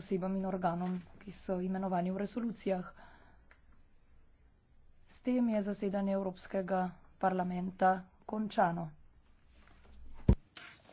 osebam in organom, ki so imenovani v resolucijah. S tem je zasedanje Evropskega parlamenta končano.